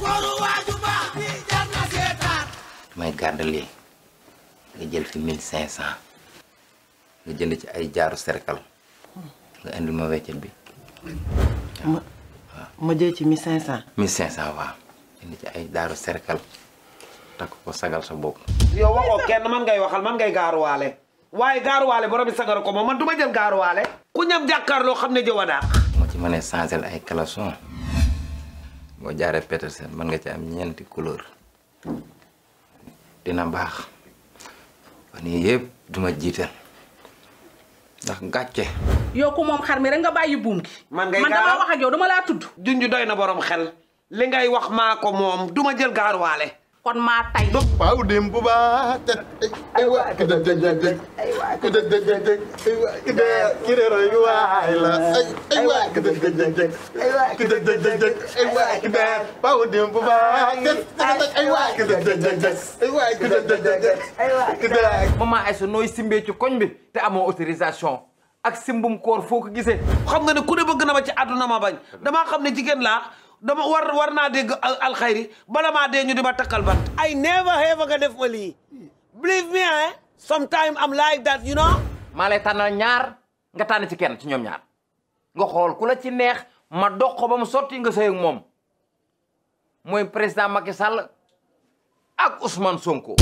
kooru waaju baax bi jar na seetaan damay gàdd lii nga jël fi mille cinq cent nga jënd ci ay jaaru cercle nga ma weccet bi ma jël ci mille cinq cent mille cinq cent waaw ci ay jaaru cercle takk ko sagal sa bopp yow waxoo kenn man ngay waxal man ngay gaaruwaale waaye gaaruwaale borom bi sagar ko ma man du ma jël gaaruwaale ku ñam loo xam ne jëwa daaq moo ci mën a changer ay caleçon boo jaaree Petersen mën nga ci am ñeenti couleur dina baax fan yii duma jiital ndax gàcce. yow ku moom xar mi rek nga bàyyi buum gi. man ngay wax ak yow dama laa tudd. junj doy na boroom xel li ngay wax maa ko moom duma jël gaaruwaale. kon maa tay waaw démb ba te ay wa ki de ki de ki de ki de ki de de de de ba te ay wa ki de de de de ay wa ki nooy simbee ci koñ bi te amoo autorisation ak simbum koor fook ko gisee xam nga ne ku ne bëgg na ma ci àdduna ma bañ damaa xam ne jigéen laa dama war war naa dégg alxayri bala maa dee ñu di ma takkal bant. I never ever nga def ma lii. believe me eh. sometimes I'm like that you know. maa lay tànnal ñaar nga tànn ci kenn ci ñoom ñaar nga xool ku la ci neex ma dox ko ba mu sotti nga sëy moom mooy président Macky Sall ak Ousmane Sonko.